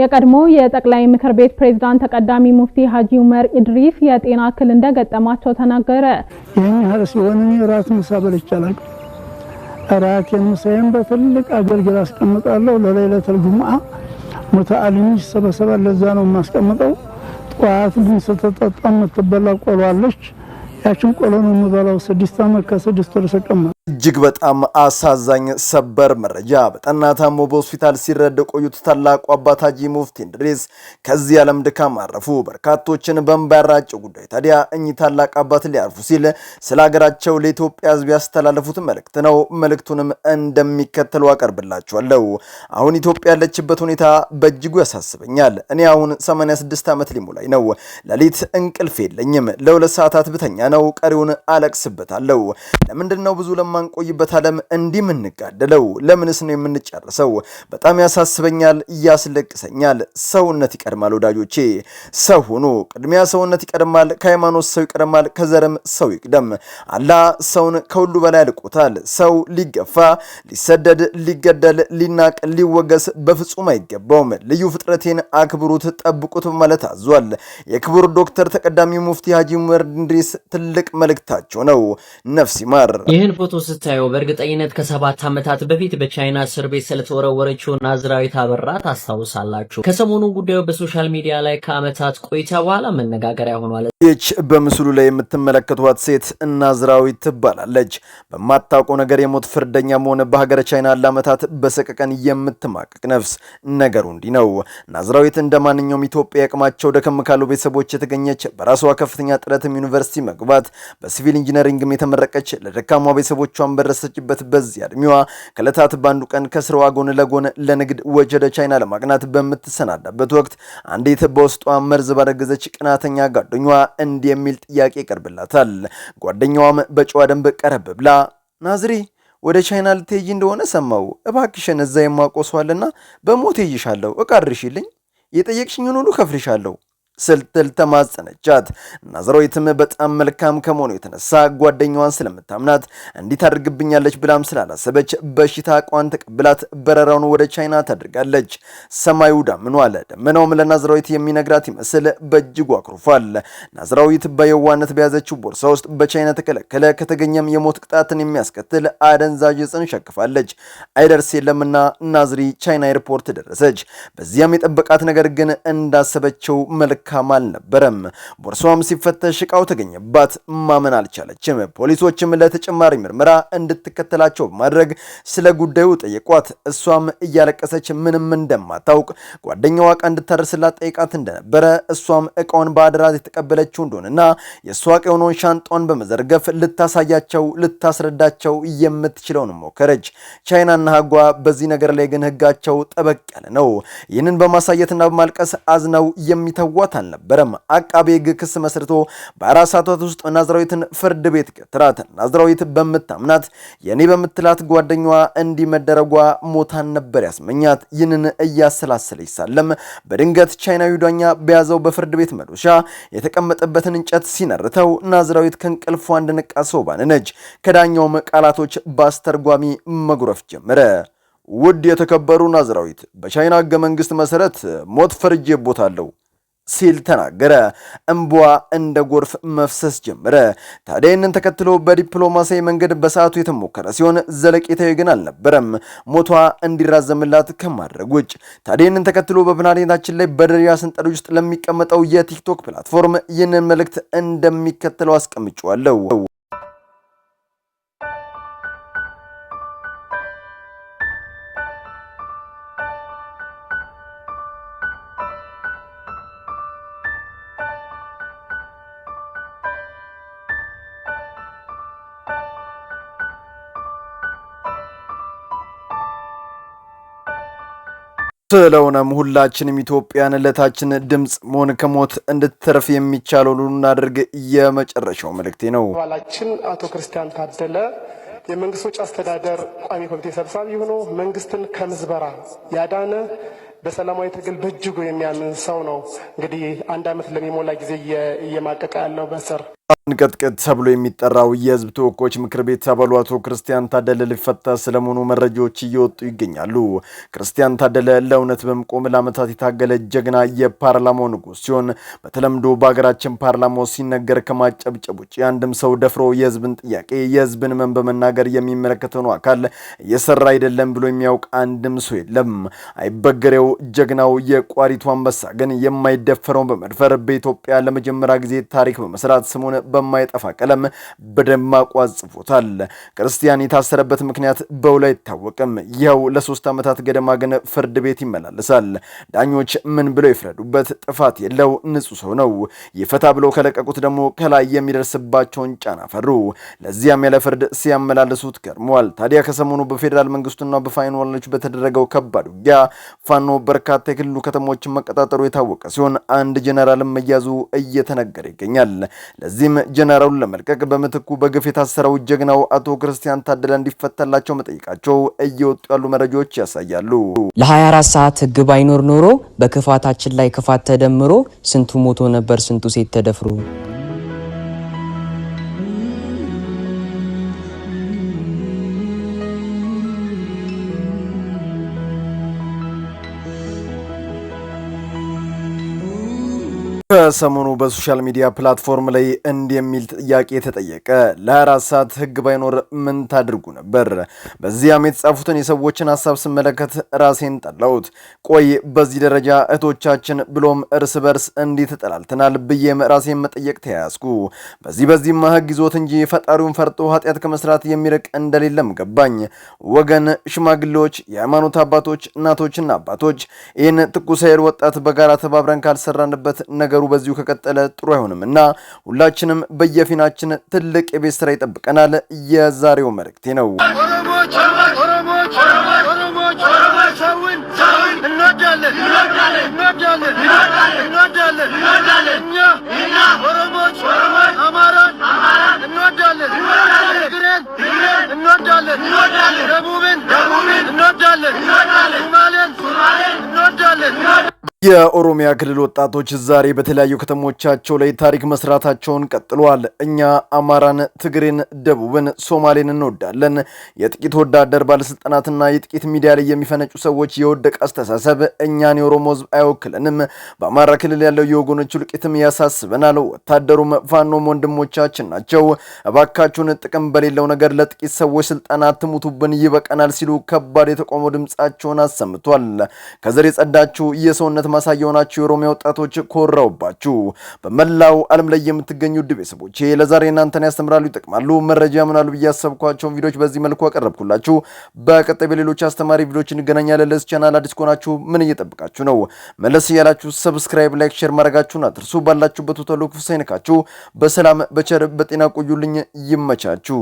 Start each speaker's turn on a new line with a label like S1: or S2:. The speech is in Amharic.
S1: የቀድሞ የጠቅላይ ምክር ቤት ፕሬዝዳንት ተቀዳሚ ሙፍቲ ሀጂ ዑመር ኢድሪስ የጤና እክል እንደገጠማቸው ተናገረ።
S2: ይህን ያህል ሲሆን እኔ ራት ምሳ በልቼ አላውቅም። ራቴን ምሳዬን በትልቅ አገልግል አስቀምጣለሁ። ለለይለቱል ጁሙዓ ሙተአሊም ይሰበሰባል። ለዛ ነው የማስቀምጠው። ጠዋት ግን ስትጠጣ የምትበላ ቆሎ አለች። ያችን ቆሎ ነው የምበላው። ስድስት አመት ከስድስት ወር ስቀመጥ
S3: እጅግ በጣም አሳዛኝ ሰበር መረጃ በጠና ታሞ በሆስፒታል ሲረድ ቆዩት ታላቁ አባት ሀጂ ሙፍቲ እንድሪስ ከዚህ ዓለም ድካም አረፉ። በርካቶችን በእንባ ያራጨው ጉዳይ ታዲያ እኚህ ታላቅ አባት ሊያርፉ ሲል ስለ ሀገራቸው ለኢትዮጵያ ሕዝብ ያስተላለፉት መልእክት ነው። መልእክቱንም እንደሚከተሉ አቀርብላችኋለሁ። አሁን ኢትዮጵያ ያለችበት ሁኔታ በእጅጉ ያሳስበኛል። እኔ አሁን 86 ዓመት ሊሞላኝ ነው። ሌሊት እንቅልፍ የለኝም። ለሁለት ሰዓታት ብተኛ ነው፣ ቀሪውን አለቅስበታለሁ። ለምንድን ነው ብዙ ለማ የማንቆይበት ዓለም እንዲህ የምንጋደለው ለምንስ ነው የምንጨርሰው? በጣም ያሳስበኛል፣ ያስለቅሰኛል። ሰውነት ይቀድማል ወዳጆቼ፣ ሰው ሁኑ። ቅድሚያ ሰውነት ይቀድማል። ከሃይማኖት ሰው ይቀድማል፣ ከዘርም ሰው ይቅደም። አላ ሰውን ከሁሉ በላይ አልቆታል። ሰው ሊገፋ፣ ሊሰደድ፣ ሊገደል፣ ሊናቅ፣ ሊወገስ በፍጹም አይገባውም። ልዩ ፍጥረቴን አክብሩት፣ ጠብቁት በማለት አዟል። የክቡር ዶክተር ተቀዳሚ ሙፍቲ ሀጂ ዑመር ኢድሪስ ትልቅ መልእክታቸው ነው። ነፍስ ይማር።
S4: ይህን ፎቶ ስታየው በእርግጠኝነት ከሰባት ዓመታት በፊት በቻይና እስር ቤት ስለተወረወረችው ናዝራዊት አበራ ታስታውሳላችሁ። ከሰሞኑ ጉዳዩ በሶሻል ሚዲያ ላይ ከዓመታት ቆይታ በኋላ መነጋገሪያ ሆኗል።
S3: ይች በምስሉ ላይ የምትመለከቷት ሴት ናዝራዊት ትባላለች። በማታውቀው ነገር የሞት ፍርደኛ መሆን በሀገረ ቻይና ለዓመታት በሰቀቀን የምትማቅቅ ነፍስ። ነገሩ እንዲህ ነው። ናዝራዊት እንደ ማንኛውም ኢትዮጵያ ያቅማቸው ደከም ካሉ ቤተሰቦች የተገኘች በራሷ ከፍተኛ ጥረትም ዩኒቨርሲቲ መግባት በሲቪል ኢንጂነሪንግም የተመረቀች ለደካሟ ቤተሰቦች ብቻዋን በደረሰችበት በዚህ እድሜዋ ከለታት በአንዱ ቀን ከስራዋ ጎን ለጎን ለንግድ ወደ ቻይና ለማቅናት በምትሰናዳበት ወቅት አንዲት በውስጧ መርዝ ባረገዘች ቅናተኛ ጓደኛዋ እንዲህ የሚል ጥያቄ ይቀርብላታል። ጓደኛዋም በጨዋ ደንብ ቀረብ ብላ ናዝሪ ወደ ቻይና ልትሄጂ እንደሆነ ሰማው። እባክሽን እዛ የማቆሰዋልና በሞት ይይሻለሁ፣ እቃ ድርሽልኝ፣ የጠየቅሽኝን ሁሉ ከፍልሻለሁ ስትል ተማጸነቻት። ናዝራዊትም በጣም መልካም ከመሆኑ የተነሳ ጓደኛዋን ስለምታምናት እንዲት አድርግብኛለች ብላም ስላላሰበች በሽታ ቋን ተቀብላት በረራውን ወደ ቻይና ታደርጋለች። ሰማዩ ዳምኗል። ደመናውም ለናዝራዊት የሚነግራት ይመስል በእጅጉ አክርፏል። ናዝራዊት በየዋነት በያዘችው ቦርሳ ውስጥ በቻይና ተከለከለ ከተገኘም የሞት ቅጣትን የሚያስከትል አደንዛዥ ዕፅን ሸክፋለች። አይደርስ የለምና ናዝሪ ቻይና ኤርፖርት ደረሰች። በዚያም የጠበቃት ነገር ግን እንዳሰበችው መልክ ደካማ አልነበረም። ቦርሷም ሲፈተሽ እቃው ተገኘባት። ማመን አልቻለችም። ፖሊሶችም ለተጨማሪ ምርመራ እንድትከተላቸው በማድረግ ስለ ጉዳዩ ጠየቋት። እሷም እያለቀሰች ምንም እንደማታውቅ ጓደኛዋ ቃ እንድታደርስላት ጠይቃት እንደነበረ እሷም እቃውን በአደራት የተቀበለችው እንደሆነና የእሷ ዕቃ የሆነውን ሻንጣውን በመዘርገፍ ልታሳያቸው ልታስረዳቸው የምትችለውን ሞከረች። ቻይናና ሀጓ በዚህ ነገር ላይ ግን ህጋቸው ጠበቅ ያለ ነው። ይህንን በማሳየትና በማልቀስ አዝነው የሚተዋት አልነበረም። አቃቤ ሕግ ክስ መስርቶ በአራት ሰዓታት ውስጥ ናዝራዊትን ፍርድ ቤት ገትራት። ናዝራዊት በምታምናት የኔ በምትላት ጓደኛዋ እንዲመደረጓ ሞታን ነበር ያስመኛት። ይህንን እያሰላሰለች ሳለም በድንገት ቻይናዊ ዳኛ በያዘው በፍርድ ቤት መዶሻ የተቀመጠበትን እንጨት ሲነርተው ናዝራዊት ከእንቅልፏ እንደነቃ ሰው ባነነች። ከዳኛውም ቃላቶች በአስተርጓሚ መጉረፍ ጀመረ። ውድ የተከበሩ ናዝራዊት፣ በቻይና ሕገ መንግሥት መሠረት ሞት ቦታለሁ። ሲል ተናገረ። እምቧ እንደ ጎርፍ መፍሰስ ጀመረ። ታዲያ ይህንን ተከትሎ በዲፕሎማሲያዊ መንገድ በሰዓቱ የተሞከረ ሲሆን ዘለቄታዊ ግን አልነበረም፣ ሞቷ እንዲራዘምላት ከማድረግ ውጭ። ታዲያ ይህንን ተከትሎ በፕላኔታችን ላይ በደረጃ ሰንጠረዥ ውስጥ ለሚቀመጠው የቲክቶክ ፕላትፎርም ይህንን መልእክት እንደሚከተለው አስቀምጬዋለሁ። ስለሆነም ሁላችንም ኢትዮጵያን ለታችን ድምፅ መሆን ከሞት እንድትተርፍ የሚቻለው ሁሉ እናድርግ። የመጨረሻው መልእክቴ ነው።
S5: አባላችን አቶ ክርስቲያን ታደለ የመንግስት ውጭ አስተዳደር ቋሚ ኮሚቴ ሰብሳቢ ሆኖ መንግስትን ከምዝበራ ያዳነ በሰላማዊ ትግል በእጅጉ የሚያምን ሰው ነው። እንግዲህ አንድ ዓመት ለሚሞላ ጊዜ እየማቀቀ ያለው በስር
S3: አንቀጥቀጥ ተብሎ የሚጠራው የህዝብ ተወካዮች ምክር ቤት አባሉ አቶ ክርስቲያን ታደለ ሊፈታ ስለመሆኑ መረጃዎች እየወጡ ይገኛሉ። ክርስቲያን ታደለ ለእውነት በመቆም ለዓመታት የታገለ ጀግና የፓርላማው ንጉስ ሲሆን በተለምዶ በሀገራችን ፓርላማው ሲነገር ከማጨብጨብ ውጭ አንድም ሰው ደፍሮ የህዝብን ጥያቄ የህዝብን መን በመናገር የሚመለከተውን አካል እየሰራ አይደለም ብሎ የሚያውቅ አንድም ሰው የለም። አይበገሬው ጀግናው የቋሪቱ አንበሳ ግን የማይደፈረውን በመድፈር በኢትዮጵያ ለመጀመሪያ ጊዜ ታሪክ በመስራት ስሙን በማይጠፋ ቀለም በደማቁ አጽፎታል። ክርስቲያን የታሰረበት ምክንያት በውል አይታወቅም። ይኸው ለሶስት ዓመታት ገደማ ግን ፍርድ ቤት ይመላለሳል። ዳኞች ምን ብለው ይፍረዱበት? ጥፋት የለው ንጹህ ሰው ነው። ይፈታ ብለው ከለቀቁት ደግሞ ከላይ የሚደርስባቸውን ጫና ፈሩ። ለዚያም ያለ ፍርድ ሲያመላልሱት ገርመዋል። ታዲያ ከሰሞኑ በፌዴራል መንግስቱና በፋኖዎች በተደረገው ከባድ ውጊያ ፋኖ በርካታ የክልሉ ከተሞችን መቀጣጠሩ የታወቀ ሲሆን አንድ ጀነራልም መያዙ እየተነገረ ይገኛል። ለዚህ በዚህም ጀነራሉን ለመልቀቅ በምትኩ በግፍ የታሰረው ጀግናው አቶ ክርስቲያን ታደለ እንዲፈታላቸው መጠየቃቸው እየወጡ ያሉ መረጃዎች ያሳያሉ።
S4: ለ24 ሰዓት ህግ ባይኖር ኖሮ በክፋታችን ላይ ክፋት ተደምሮ ስንቱ ሞቶ ነበር ስንቱ ሴት ተደፍሮ
S3: ከሰሞኑ በሶሻል ሚዲያ ፕላትፎርም ላይ እንዲህ የሚል ጥያቄ ተጠየቀ። ለ24 ሰዓት ህግ ባይኖር ምን ታድርጉ ነበር? በዚያም የተጻፉትን የሰዎችን ሀሳብ ስመለከት ራሴን ጠላሁት። ቆይ በዚህ ደረጃ እህቶቻችን ብሎም እርስ በርስ እንዲህ ተጠላልተናል ብዬም ራሴን መጠየቅ ተያያዝኩ። በዚህ በዚህማ ህግ ይዞት እንጂ ፈጣሪውን ፈርጦ ኃጢአት ከመስራት የሚርቅ እንደሌለም ገባኝ። ወገን ሽማግሌዎች፣ የሃይማኖት አባቶች፣ እናቶችና አባቶች ይህን ትኩስ ኃይል ወጣት በጋራ ተባብረን ካልሰራንበት ነገ ነገሩ በዚሁ ከቀጠለ ጥሩ አይሆንም እና ሁላችንም በየፊናችን ትልቅ የቤት ስራ ይጠብቀናል። የዛሬው መልእክቴ ነው። እንወዳለን። የኦሮሚያ ክልል ወጣቶች ዛሬ በተለያዩ ከተሞቻቸው ላይ ታሪክ መስራታቸውን ቀጥለዋል። እኛ አማራን፣ ትግሬን፣ ደቡብን፣ ሶማሌን እንወዳለን። የጥቂት ወዳደር ባለስልጣናትና የጥቂት ሚዲያ ላይ የሚፈነጩ ሰዎች የወደቀ አስተሳሰብ እኛን የኦሮሞ ህዝብ አይወክልንም። በአማራ ክልል ያለው የወገኖች እልቂትም ያሳስበናል። ወታደሩም ፋኖም ወንድሞቻችን ናቸው። እባካችሁን ጥቅም በሌለው ነገር ለጥቂት ሰዎች ስልጠና ትሙቱብን ይበቀናል ሲሉ ከባድ የተቃውሞ ድምጻቸውን አሰምቷል። ከዘር የጸዳችሁ የሰውነት ማሳያ የሆናችሁ የኦሮሚያ ወጣቶች ኮራውባችሁ። በመላው ዓለም ላይ የምትገኙ ውድ ቤተሰቦቼ ለዛሬ እናንተን ያስተምራሉ፣ ይጠቅማሉ፣ መረጃ ምናሉ ብዬ ያሰብኳቸውን ቪዲዮዎች በዚህ መልኩ አቀረብኩላችሁ። በቀጣይ በሌሎች አስተማሪ ቪዲዮዎች እንገናኛለን። ለዚህ ቻናል አዲስ ከሆናችሁ ምን እየጠብቃችሁ ነው? መለስ እያላችሁ ሰብስክራይብ፣ ላይክ፣ ሼር ማድረጋችሁን አትርሱ። ባላችሁበት ተሎኩ ሳይነካችሁ በሰላም በቸር በጤና ቆዩልኝ። ይመቻችሁ።